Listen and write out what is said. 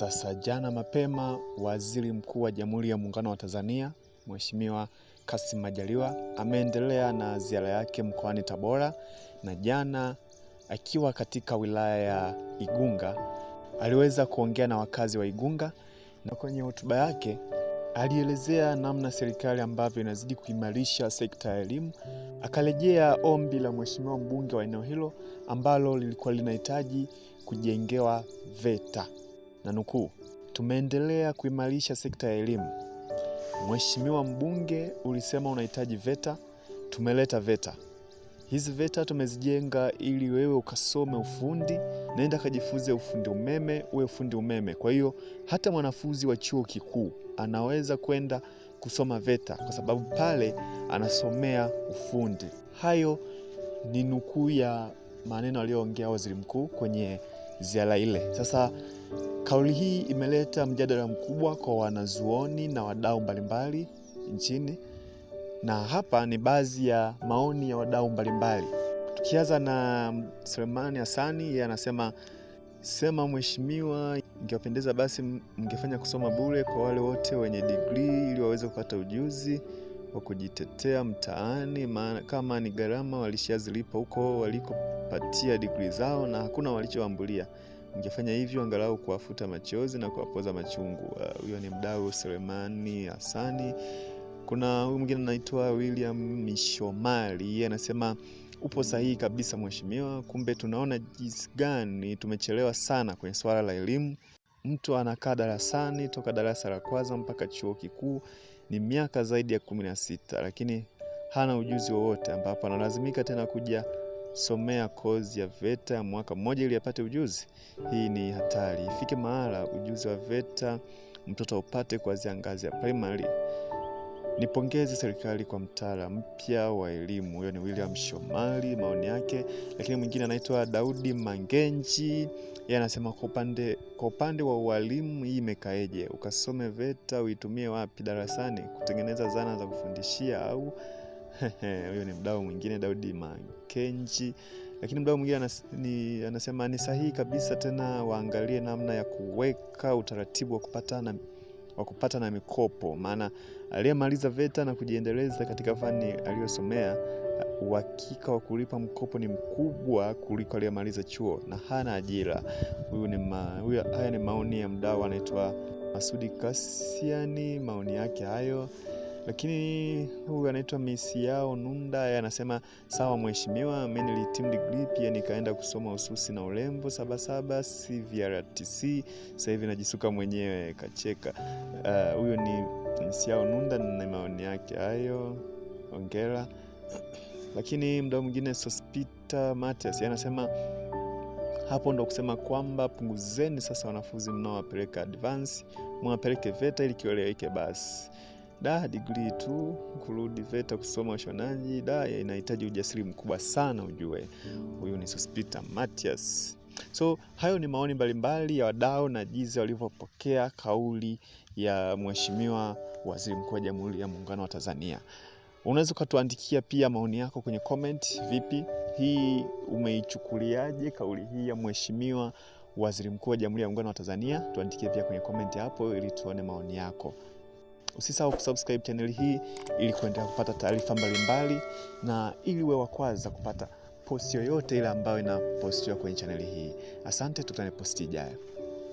Sasa jana mapema, waziri mkuu wa Jamhuri ya Muungano wa Tanzania Mheshimiwa kasim Majaliwa ameendelea na ziara yake mkoani Tabora, na jana akiwa katika wilaya ya Igunga aliweza kuongea na wakazi wa Igunga, na kwenye hotuba yake alielezea namna serikali ambavyo inazidi kuimarisha sekta ya elimu. Akarejea ombi la mheshimiwa mbunge wa eneo hilo ambalo lilikuwa linahitaji kujengewa VETA na nukuu, tumeendelea kuimarisha sekta ya elimu. Mheshimiwa mbunge, ulisema unahitaji VETA, tumeleta VETA. Hizi VETA tumezijenga ili wewe ukasome ufundi, naenda kajifunze ufundi umeme, uwe fundi umeme. Kwa hiyo hata mwanafunzi wa chuo kikuu anaweza kwenda kusoma VETA kwa sababu pale anasomea ufundi. Hayo ni nukuu ya maneno aliyoongea waziri mkuu kwenye ziara ile. Sasa kauli hii imeleta mjadala mkubwa kwa wanazuoni na wadau mbalimbali nchini, na hapa ni baadhi ya maoni ya wadau mbalimbali, tukianza na Selemani Hasani. Yeye anasema sema, mheshimiwa, ingewapendeza basi mngefanya kusoma bure kwa wale wote wenye digrii ili waweze kupata ujuzi wa kujitetea mtaani, maana kama ni gharama walishazilipa huko walikopatia digrii zao na hakuna walichoambulia. Ningefanya hivyo angalau kuwafuta machozi na kuwapoza machungu. Ah, huyo uh, ni mdau Selemani Hasani. Kuna huyu mwingine anaitwa William Mishomali, yeye anasema upo sahihi kabisa mheshimiwa. Kumbe tunaona jinsi gani tumechelewa sana kwenye swala la elimu mtu anakaa darasani toka darasa la kwanza mpaka chuo kikuu ni miaka zaidi ya kumi na sita, lakini hana ujuzi wowote, ambapo analazimika tena kuja somea kozi ya VETA ya mwaka mmoja ili apate ujuzi. Hii ni hatari. Ifike mahala ujuzi wa VETA mtoto upate kuanzia ngazi ya primary Nipongeze serikali kwa mtaala mpya wa elimu. Huyo ni William Shomali, maoni yake. Lakini mwingine anaitwa Daudi Mangenji, yeye anasema kwa upande kwa upande wa ualimu, hii imekaeje? Ukasome VETA uitumie wapi? Darasani, kutengeneza zana za kufundishia au? Huyo ni mdau mwingine, Daudi Mangenji. Lakini mdau mwingine anas, ni, anasema ni sahihi kabisa, tena waangalie namna ya kuweka utaratibu wa kupatana wa kupata na mikopo, maana aliyemaliza VETA na kujiendeleza katika fani aliyosomea uhakika wa kulipa mkopo ni mkubwa kuliko aliyemaliza chuo na hana ajira. Huyu ni ma, huyu, haya ni maoni ya mdau anaitwa Masudi Kasiani, maoni yake hayo. Lakini huyu anaitwa yao Nunda anasema sawa mheshimiwa, mimi nilitim degree pia nikaenda kusoma ususi na urembo Sabasaba CVRTC, sasa hivi najisuka mwenyewe, kacheka. Eh, huyo uh, ni Misiao Nunda na maoni yake hayo, ongera. Lakini mda mwingine Sospita Matias anasema hapo ndo kusema kwamba punguzeni sasa, wanafunzi mnaowapeleka advance mwapeleke VETA ili kieleweke basi da degree tu kurudi VETA kusoma ushonaji da inahitaji ujasiri mkubwa sana, ujue huyu ni suspita matias So hayo ni maoni mbalimbali ya wadau na jinsi walivyopokea kauli ya Mheshimiwa Waziri Mkuu wa Jamhuri ya Muungano wa Tanzania. Unaweza ukatuandikia pia maoni yako kwenye comment. Vipi hii, umeichukuliaje kauli hii ya Mheshimiwa Waziri Mkuu wa Jamhuri ya Muungano wa Tanzania? Tuandikie pia kwenye comment hapo, ili tuone maoni yako. Usisahau kusubscribe chaneli hii ili kuendelea kupata taarifa mbalimbali na ili uwe wa kwanza kupata posti yoyote ile ambayo inapostiwa kwenye chaneli hii. Asante, tukutane posti ijayo.